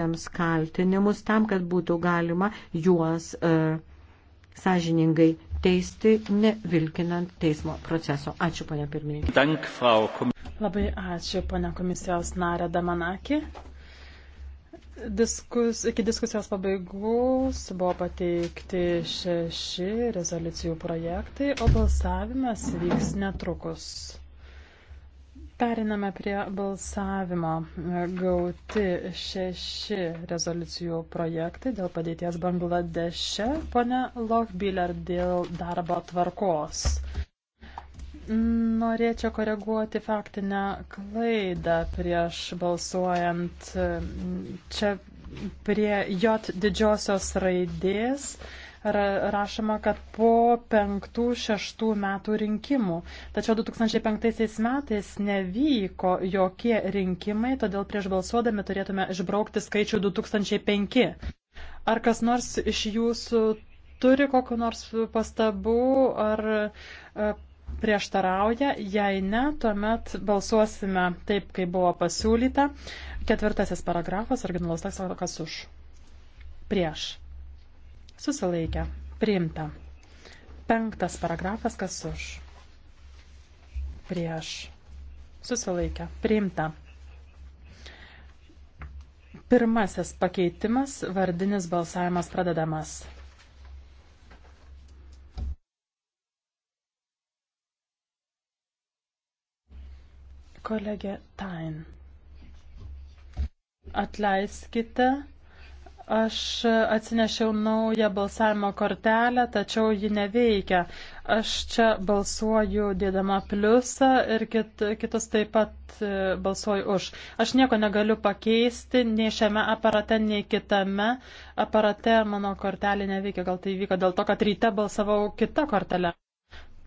tiems kaltinimus tam, kad būtų galima juos e, sąžiningai teisti, nevilkinant teismo proceso. Ačiū, ponia pirmininkė. Dank, Frau Labai ačiū, ponia komisijos narė Damanaki. Diskus, iki diskusijos pabaigos buvo pateikti šeši rezoliucijų projektai, o balsavimas vyks netrukus. Periname prie balsavimo. Gauti šeši rezoliucijų projektai dėl padėties Bangladeše. Pone Lochbiller dėl darbo tvarkos. Norėčiau koreguoti faktinę klaidą prieš balsuojant mm, čia prie J didžiosios raidės rašoma, kad po 5-6 metų rinkimų. Tačiau 2005 metais nevyko jokie rinkimai, todėl prieš balsuodami turėtume išbraukti skaičių 2005. Ar kas nors iš jūsų turi kokiu nors pastabų ar e, prieštarauja, jei ne, tuomet balsuosime taip, kaip buvo pasiūlyta. Ketvirtasis paragrafas, originalus tekstas, kas už. Prieš. Susilaikę. Priimta. Penktas paragrafas, kas už. Prieš. Susilaikę. Priimta. Pirmasis pakeitimas, vardinis balsavimas pradedamas. kolegė Tain. Atleiskite, Aš atsinešiau naują balsavimo kortelę, tačiau ji neveikia. Aš čia balsuoju dėdama pliusą ir kit, kitus taip pat e, balsuoju už. Aš nieko negaliu pakeisti, nei šiame aparate, nei kitame aparate mano kortelė neveikia. Gal tai vyko dėl to, kad ryte balsavau kitą kortelę.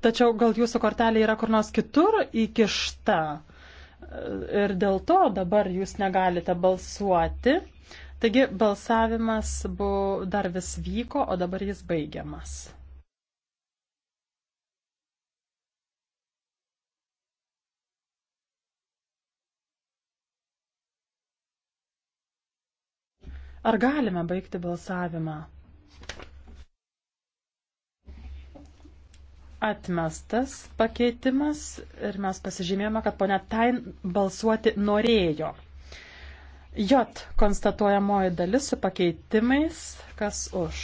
Tačiau gal jūsų kortelė yra kur nors kitur įkišta e, ir dėl to dabar jūs negalite balsuoti. Taigi balsavimas buvo dar vis vyko, o dabar jis baigiamas. Ar galime baigti balsavimą? Atmestas pakeitimas ir mes pasižymėjome, kad ponia Tain balsuoti norėjo. J konstatuojamoji dalis su pakeitimais, kas už,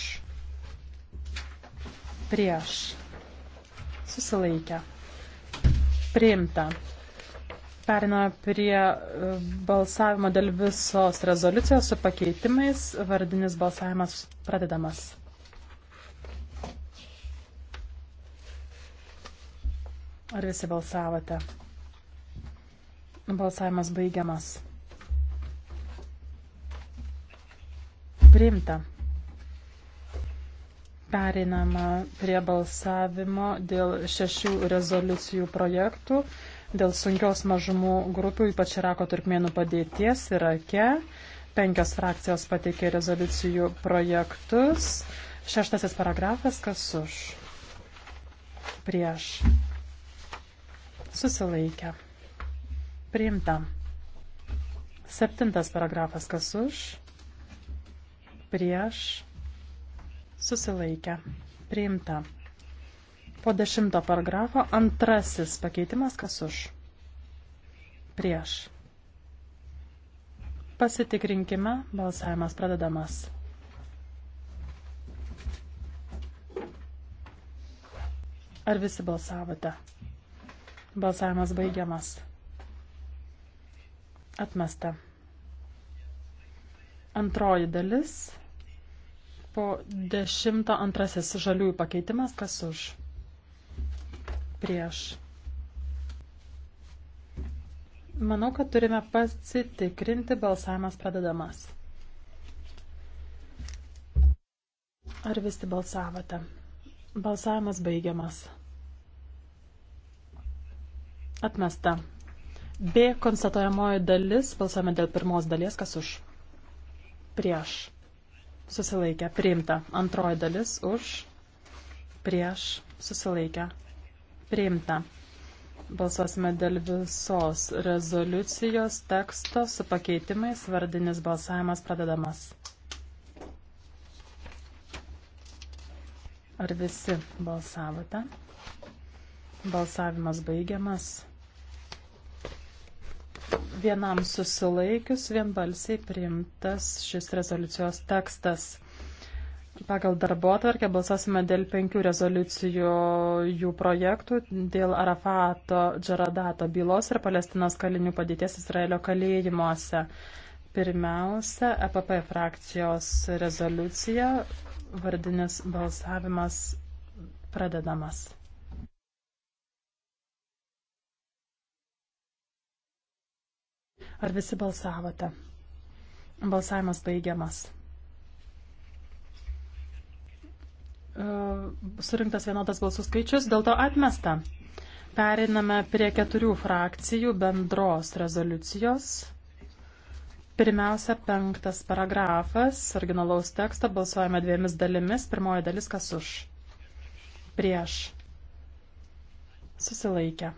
prieš, susilaikę, priimta. Periname prie e, balsavimo dėl visos rezoliucijos su pakeitimais. Vardinis balsavimas pradedamas. Ar visi balsavote? Balsavimas baigiamas. priimta. Pereinama prie balsavimo dėl šešių rezoliucijų projektų, dėl sunkios mažumų grupių, ypač Irako turkmėnų padėties Irake. Penkios frakcijos pateikė rezoliucijų projektus. Šeštasis paragrafas, kas už? Prieš. Susilaikę. Priimta. Septintas paragrafas, kas už? prieš susilaikę priimta. Po dešimto paragrafo antrasis pakeitimas kas už prieš. Pasitikrinkime, balsavimas pradedamas. Ar visi balsavote? Balsavimas baigiamas. Atmesta. Antroji dalis Po 102 žaliųjų pakeitimas, kas už? Prieš. Manau, kad turime pasitikrinti balsavimas pradedamas. Ar visi balsavote? Balsavimas baigiamas. Atmesta. B konstatuojamoji dalis, balsuojame dėl pirmos dalies, kas už? Prieš susilaikę priimta. Antroji dalis už prieš susilaikę priimta. Balsuosime dėl visos rezoliucijos teksto su pakeitimais. Vardinis balsavimas pradedamas. Ar visi balsavote? Balsavimas baigiamas vienam susilaikius vienbalsiai priimtas šis rezoliucijos tekstas. Pagal darbo atvarkę balsasime dėl penkių rezoliucijų jų projektų, dėl Arafato Džaradato bylos ir Palestinos kalinių padėties Izraelio kalėjimuose. Pirmiausia, EPP frakcijos rezoliucija, vardinis balsavimas pradedamas. Ar visi balsavote? Balsavimas baigiamas. E, surinktas vienodas balsų skaičius, dėl to atmesta. Periname prie keturių frakcijų bendros rezoliucijos. Pirmiausia, penktas paragrafas originalaus teksto balsuojame dviemis dalimis. Pirmoji dalis kas už? Prieš. Susilaikę.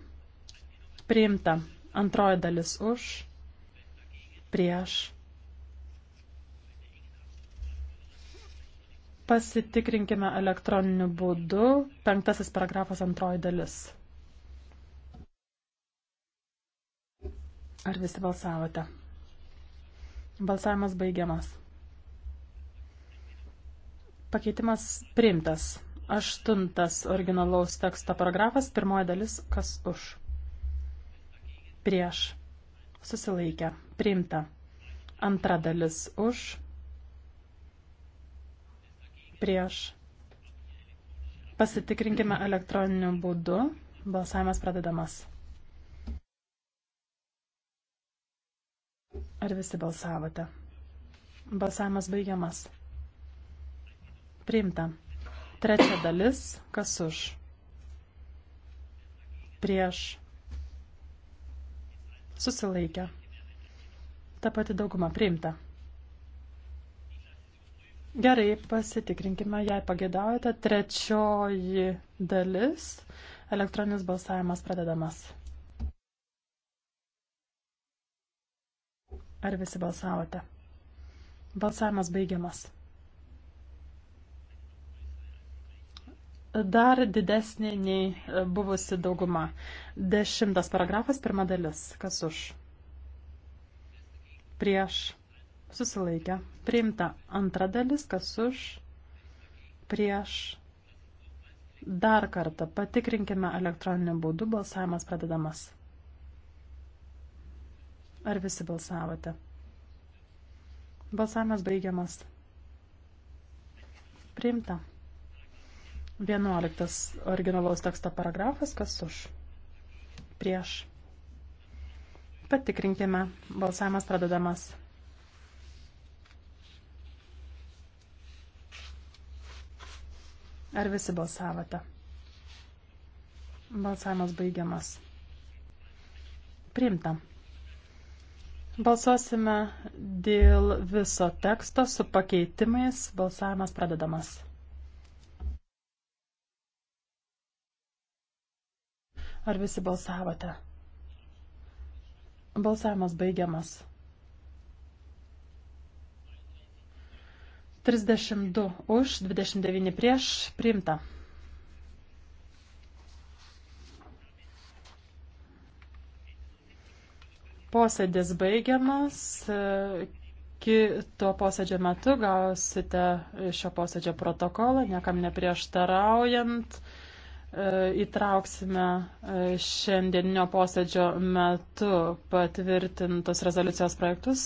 Priimta. Antroji dalis už prieš. Pasitikrinkime elektroniniu būdu. Penktasis paragrafas antroji dalis. Ar visi balsavote? Balsavimas baigiamas. Pakeitimas priimtas. Aštuntas originalaus teksto paragrafas, pirmoji dalis, kas už. Prieš susilaikę, priimta. Antra dalis už, prieš. Pasitikrinkime elektroniniu būdu. Balsavimas pradedamas. Ar visi balsavote? Balsavimas baigiamas. Priimta. Trečia dalis. Kas už? Prieš susilaikė. Ta pati dauguma priimta. Gerai, pasitikrinkime, jei pagėdaujate. Trečioji dalis. Elektroninis balsavimas pradedamas. Ar visi balsavote? Balsavimas baigiamas. dar didesnė nei e, buvusi dauguma. Dešimtas paragrafas, pirma dalis. Kas už? Prieš. Susilaikę. Priimta antra dalis. Kas už? Prieš. Dar kartą patikrinkime elektroniniu būdu. Balsavimas pradedamas. Ar visi balsavote? Balsavimas baigiamas. Priimta. 11 originalaus teksto paragrafas, kas už, prieš. Patikrinkime, balsavimas pradedamas. Ar visi balsavote? Balsavimas baigiamas. Priimta. Balsuosime dėl viso teksto su pakeitimais. Balsavimas pradedamas. Ar visi balsavote? Balsavimas baigiamas. 32 už, 29 prieš, priimta. Posėdis baigiamas. Kito posėdžio metu gausite šio posėdžio protokolą, niekam neprieštaraujant. E, įtrauksime e, šiandieninio posėdžio metu patvirtintus rezoliucijos projektus